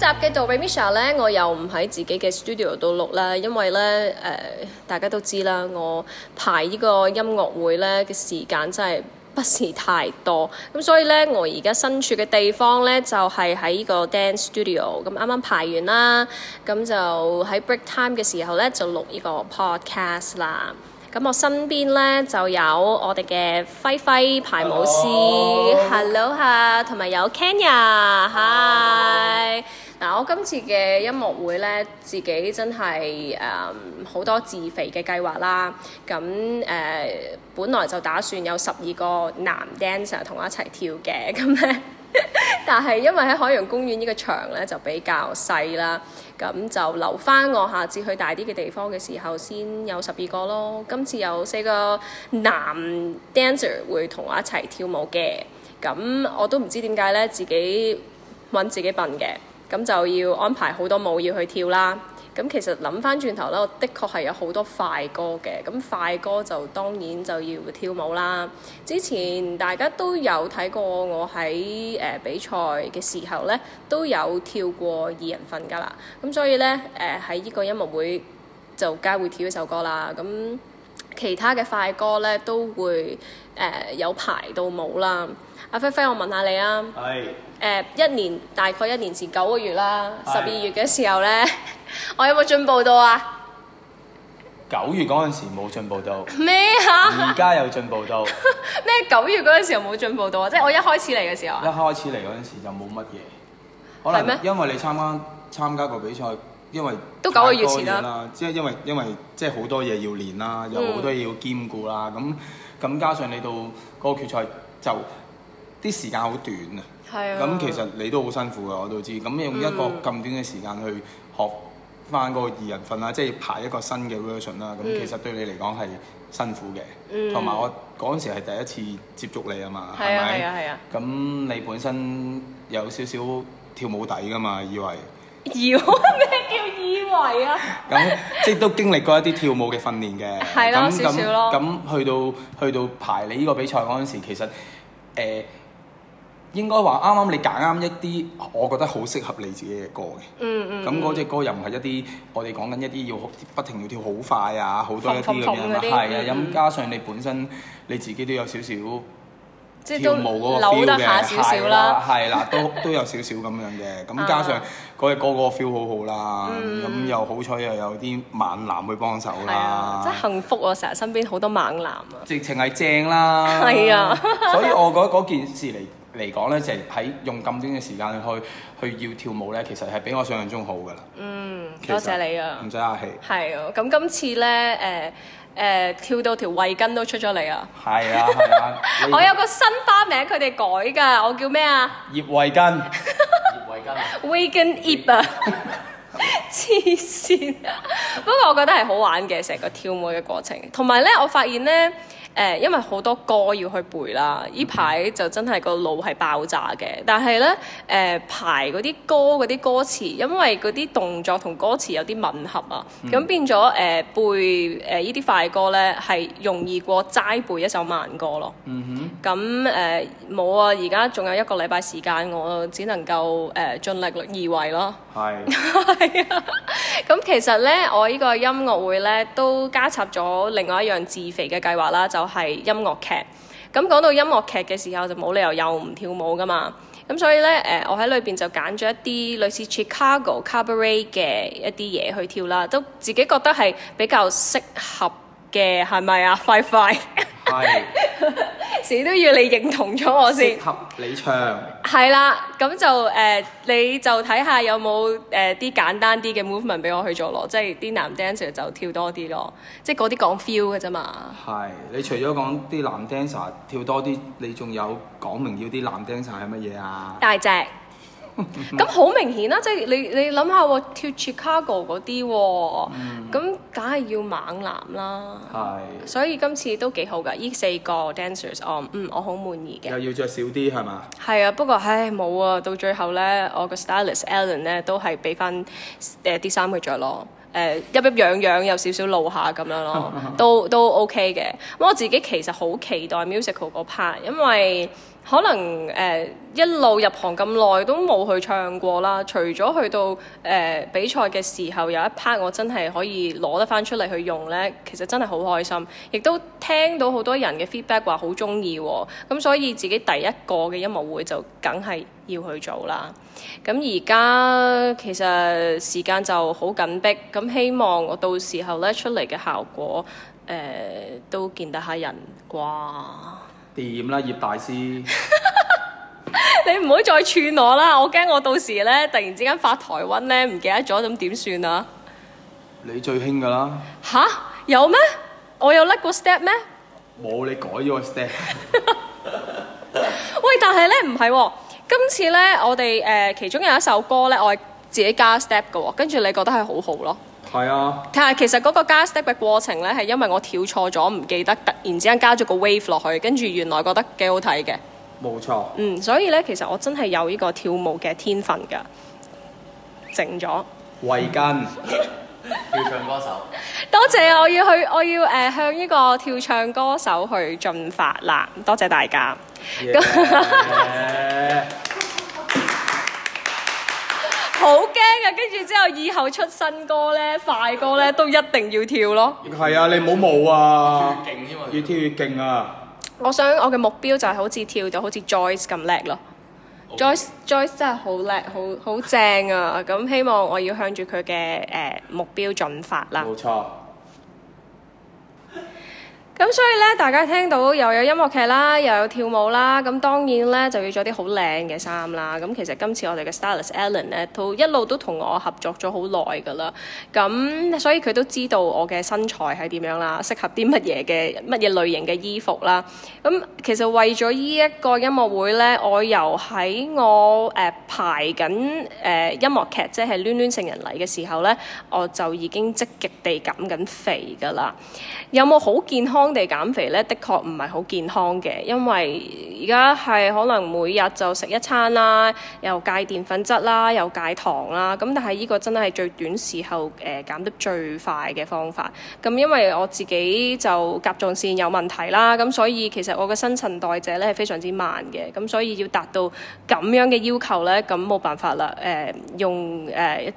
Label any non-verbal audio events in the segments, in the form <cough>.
今集嘅到 Misha 咧，我又唔喺自己嘅 studio 度錄啦，因為咧誒、呃，大家都知啦，我排呢個音樂會咧嘅時間真係不是太多，咁所以咧，我而家身處嘅地方咧就係喺呢個 dance studio，咁啱啱排完啦，咁就喺 break time 嘅時候咧就錄呢個 podcast 啦，咁我身邊咧就有我哋嘅輝輝排舞師，Hello 吓、oh.，同埋有 Kenya，Hi。嗱、啊，我今次嘅音樂會呢，自己真係誒好多自肥嘅計劃啦。咁誒、呃，本來就打算有十二個男 dancer 同我一齊跳嘅，咁咧， <laughs> 但係因為喺海洋公園呢個場呢，就比較細啦，咁就留翻我下次去大啲嘅地方嘅時候先有十二個咯。今次有四個男 dancer 會同我一齊跳舞嘅，咁我都唔知點解呢，自己揾自己笨嘅。咁就要安排好多舞要去跳啦。咁其實諗翻轉頭咧，我的確係有好多快歌嘅。咁快歌就當然就要跳舞啦。之前大家都有睇過我喺誒、呃、比賽嘅時候呢，都有跳過二人份噶啦。咁所以呢，誒喺呢個音樂會就梗係會跳一首歌啦。咁其他嘅快歌呢，都會誒、呃、有排到舞啦。阿菲菲，我問下你啊，誒是、呃、一年大概一年前九個月啦，十二月嘅時候咧，是 <laughs> 我有冇進步到啊？九月嗰陣時冇進步到咩啊？而家有進步到咩？九月嗰陣時有冇進步到啊？即係、 <laughs> 就是、我一開始嚟嘅時候、啊，一開始嚟嗰陣時就冇乜嘢，嗎可能因為你參加參加個比賽，因為都九個月前啦，即係因為因為即係好多嘢要練啦，有好多嘢要兼顧啦，咁咁、嗯、加上你到嗰個決賽就。就啲時間好短啊，咁其實你都好辛苦噶，我都知。咁用一個咁短嘅時間去學返嗰個二人份啊，即係排一個新嘅 version 啦、嗯。咁其實對你嚟講係辛苦嘅，同埋、嗯、我嗰陣時係第一次接觸你啊嘛，係咪？係啊係啊。咁你本身有少少跳舞底噶嘛？以為？以咩 <laughs> 叫以為啊？咁 <laughs> <laughs> 即係都經歷過一啲跳舞嘅訓練嘅，係、啊、那咯，咁去到去到排你呢個比賽嗰陣時，其實誒。呃應該話啱啱你揀啱一啲，我覺得好適合你自己嘅歌嘅。嗯嗯。咁嗰隻歌又唔係一啲，我哋講緊一啲要不停要跳好快啊，好多一啲咁樣啊。係啊，咁加上你本身你自己都有少少跳舞嗰個 feel 啦，係啦，都都有少少咁樣嘅。咁加上嗰隻歌個 feel 好好啦，咁又好彩又有啲猛男去幫手啦。即係，幸福啊！成日身邊好多猛男啊。直情係正啦。係啊。所以我覺得嗰件事嚟嚟講咧，就喺用咁短嘅時間去去要跳舞咧，其實係比我想象中好噶啦。嗯，多謝你啊。唔使客氣。係啊，咁今次咧，誒誒跳到條慧根都出咗嚟啊！係啊係啊，我有個新花名，佢哋改噶，我叫咩啊？葉慧根。葉慧根啊！We can eat！黐線啊！不過我覺得係好玩嘅，成個跳舞嘅過程。同埋咧，我發現咧。誒，因為好多歌要去背啦，呢排、mm hmm. 就真係個腦係爆炸嘅。但係咧，誒、呃、排啲歌啲歌詞，因為啲動作同歌詞有啲吻合啊，咁、mm hmm. 變咗誒、呃、背誒、呃、呢啲快歌咧，係容易過齋背一首慢歌咯。嗯哼、mm。咁誒冇啊，而家仲有一個禮拜時間，我只能夠誒、呃、盡力而為咯。係係啊。咁其實咧，我呢個音樂會咧都加插咗另外一樣自肥嘅計劃啦，就是。係音樂劇，咁講到音樂劇嘅時候就冇理由又唔跳舞噶嘛，咁所以呢，誒，我喺裏邊就揀咗一啲類似 Chicago Cabaret 嘅一啲嘢去跳啦，都自己覺得係比較適合嘅，係咪啊？快快 <laughs> 是，係。 <laughs> 事都要你認同咗我先，合你唱。係啦，咁就誒、呃，你就睇下有冇誒啲簡單啲嘅 movement 俾我去做咯，即係啲男 dancer 就跳多啲咯，即係嗰啲講 feel 嘅啫嘛。係，你除咗講啲男 dancer 跳多啲，你仲有講明要啲男 dancer 係乜嘢啊？大隻。咁好 <laughs> 明顯啦、啊，即、就、係、是、你你諗下喎，跳 Chicago 嗰啲喎、啊，咁梗係要猛男啦。係是。所以今次都幾好㗎，依四個 dancers，哦嗯、我嗯我好滿意嘅。又要着少啲係嘛？係啊，不過唉冇啊，到最後咧，我個 stylist Alan 咧都係俾翻誒啲衫佢著咯，誒一一樣樣，樣有少少露下咁樣咯、啊， <laughs> 都都 OK 嘅。咁我自己其實好期待 musical 嗰 part，因為，可能誒、呃、一路入行咁耐都冇去唱過啦，除咗去到誒、呃、比賽嘅時候有一 part 我真係可以攞得翻出嚟去用咧，其實真係好開心，亦都聽到好多人嘅 feedback 話好中意咁、喎、所以自己第一個嘅音樂會就梗係要去做啦。咁而家其實時間就好緊迫，咁希望我到時候咧出嚟嘅效果誒、呃、都見得下人啩。掂啦，葉大師。 <laughs> 你唔好再串我啦，我驚我到時咧突然之間發台瘟咧，唔記得咗，咁點算啊？你最興噶啦。吓？有咩？我有甩過 step 咩？冇，你改咗個 step。 <laughs> <laughs> 喂，但係咧唔係喎，今次咧我哋誒、呃、其中有一首歌咧，我係自己加 step 噶喎，跟住你覺得係好好咯。係啊，但係其實嗰個加 step 嘅過程咧，係因為我跳錯咗，唔記得，突然之間加咗個 wave 落去，跟住原來覺得幾好睇嘅，冇錯錯，嗯，所以咧其實我真係有呢個跳舞嘅天分㗎，整咗圍巾跳唱歌手， <laughs> 多謝啊，我要去我要誒向呢個跳唱歌手去進發喇，多謝大家。Yeah. <laughs> 好驚啊，跟住、啊、之後以後出新歌咧、快歌咧，都一定要跳咯。係、嗯、 <noise> 啊，你唔好冇啊，越跳越勁啊！我想我嘅目標就係好似跳到好似 Joyce 咁叻咯。Okay. Joyce Joyce 真係 <laughs> 好叻，好好正啊！咁希望我要向住佢嘅誒目標進發啦。冇錯。咁所以咧，大家聽到又有音樂劇啦，又有跳舞啦，咁當然咧就要咗啲好靚嘅衫啦。咁其實今次我哋嘅 Stylist Alan 咧，都一路都同我合作咗好耐噶啦。咁所以佢都知道我嘅身材係點樣啦，適合啲乜嘢嘅乜嘢類型嘅衣服啦。咁其實為咗呢一個音樂會咧，我由喺我誒、呃、排緊誒、呃、音樂劇即係《攣攣成人》嚟嘅時候咧，我就已經積極地減緊肥噶啦。有冇好健康？當地減肥咧，的確唔係好健康嘅，因為而家係可能每日就食一餐啦，又戒澱粉質啦，又戒糖啦。咁但係呢個真係最短時候誒、呃、減得最快嘅方法。咁、嗯、因為我自己就甲狀腺有問題啦，咁、嗯、所以其實我嘅新陳代謝咧係非常之慢嘅，咁、嗯、所以要達到咁樣嘅要求咧，咁、嗯、冇辦法啦。誒、呃、用誒、呃、一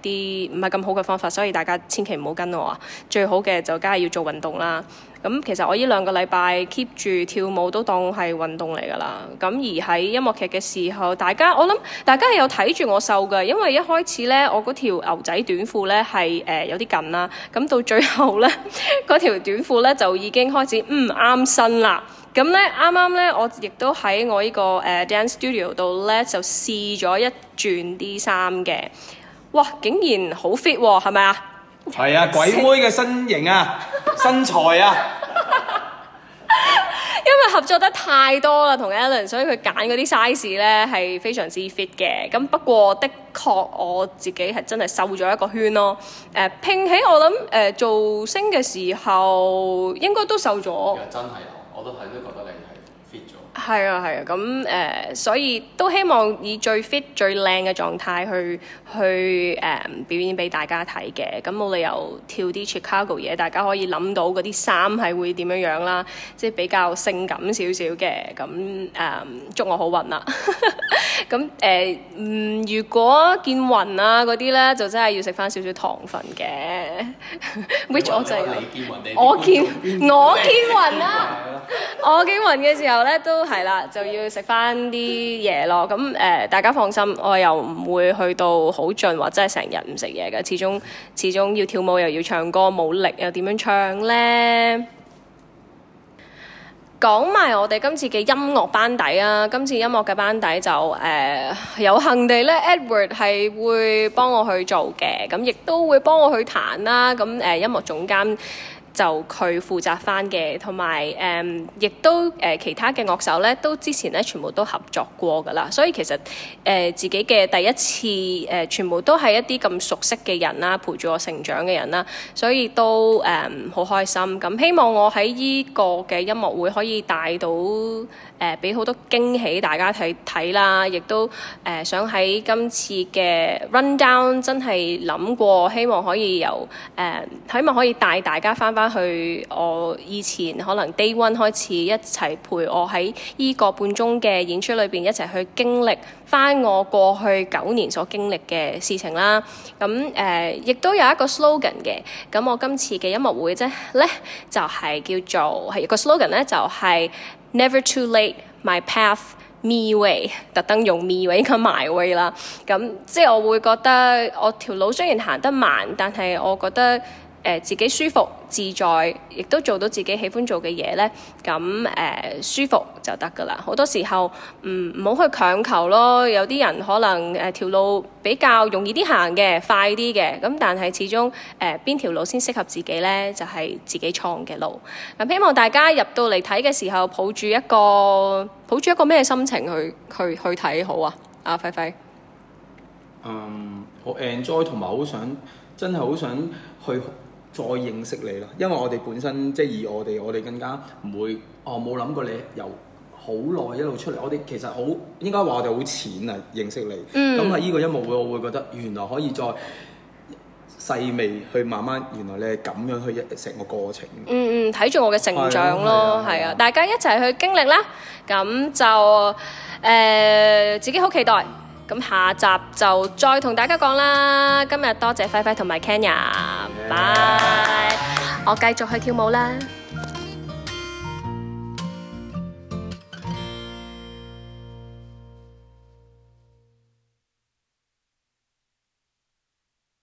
啲唔係咁好嘅方法，所以大家千祈唔好跟我呀。最好嘅就梗係要做運動啦。咁其實我呢兩個禮拜 keep 住跳舞都當係運動嚟㗎啦。咁而喺音樂劇嘅時候，大家我諗大家係有睇住我瘦㗎，因為一開始呢，我嗰條牛仔短褲呢係誒、呃、有啲緊啦。咁到最後呢，嗰 <laughs> 條短褲呢就已經開始唔啱、嗯、身啦。咁呢啱啱呢，我亦都喺我呢、這個誒、呃、dance studio 度呢就試咗一轉啲衫嘅。哇！竟然好 fit 喎、哦，係咪啊？係啊，鬼妹嘅身形啊， <laughs> 身材啊， <laughs> 因為合作得太多啦，同 Allen，所以佢揀啲 size 咧係非常之 fit 嘅。咁不過的確我自己係真係瘦咗一個圈咯。誒、呃、拼起我諗誒做星嘅時候應該都瘦咗。其實真係我都係都覺得你。係啊，係啊，咁誒、嗯，所以都希望以最 fit、最靚嘅狀態去去誒、嗯、表演俾大家睇嘅。咁、嗯、冇、嗯、理由跳啲 Chicago 嘢，大家可以諗到嗰啲衫係會點樣樣啦，即係比較性感少少嘅，咁、嗯、誒祝我好運啦，咁 <laughs> 誒嗯，如果見雲啊嗰啲咧，就真係要食翻少少糖分嘅，which 我就係你，說你，說你見， <laughs> 我見我見雲啊， <laughs> <laughs> 我見雲嘅時候咧都～係啦，就要食翻啲嘢咯。咁誒，大家放心，我又唔會去到好盡或者真係成日唔食嘢嘅。始終始終要跳舞又要唱歌，冇力又點樣唱呢？講埋我哋今次嘅音樂班底啊！今次音樂嘅班底就誒有幸地呢，Edward 係會幫我去做嘅，咁亦都會幫我去彈啦。咁誒，音樂總監。就佢負責翻嘅，同埋誒亦都誒、呃、其他嘅樂手咧，都之前咧全部都合作過㗎啦。所以其實誒、呃、自己嘅第一次誒、呃、全部都係一啲咁熟悉嘅人啦，陪住我成長嘅人啦。所以都誒好、嗯、開心。咁希望我喺依個嘅音樂會可以帶到誒俾好多驚喜大家睇睇啦。亦都誒、呃、想喺今次嘅 run down 真係諗過，希望可以由誒希望可以帶大家翻翻。翻去我以前可能 day one 開始一齊陪我喺呢個半鐘嘅演出裏邊一齊去經歷翻我過去九年所經歷嘅事情啦。咁、嗯、誒，亦、呃、都有一個 slogan 嘅。咁、嗯、我今次嘅音樂會啫咧，就係、是、叫做係一個 slogan 咧，就係、是、Never too late, my path, me way，特登用 me way 加 my way 啦。咁、嗯、即係我會覺得我條路雖然行得慢，但係我覺得。呃、自己舒服自在，亦都做到自己喜歡做嘅嘢呢，咁誒、呃、舒服就得噶啦。好多時候唔唔好去強求咯，有啲人可能誒條、呃、路比較容易啲行嘅，快啲嘅，咁、呃、但係始終誒邊條路先適合自己呢？就係、是、自己創嘅路。咁、呃、希望大家入到嚟睇嘅時候抱，抱住一個抱住一個咩心情去去睇好啊！阿輝輝，好、um, enjoy 同埋好想真係好想去。Mm. 再認識你咯，因為我哋本身即係以我哋，我哋更加唔會哦冇諗過你由好耐一路出嚟，我哋其實好應該話我哋好淺啊認識你，咁喺呢個音樂會我會覺得原來可以再細微去慢慢，原來你係咁樣去一成個過程。嗯嗯，睇、嗯、住我嘅成長咯，係啊，大家一齊去經歷啦，咁就誒、呃、自己好期待。咁下集就再同大家講啦，今日多謝，謝輝輝同埋 Kenya，拜拜， <music> Bye. 我繼續去跳舞啦。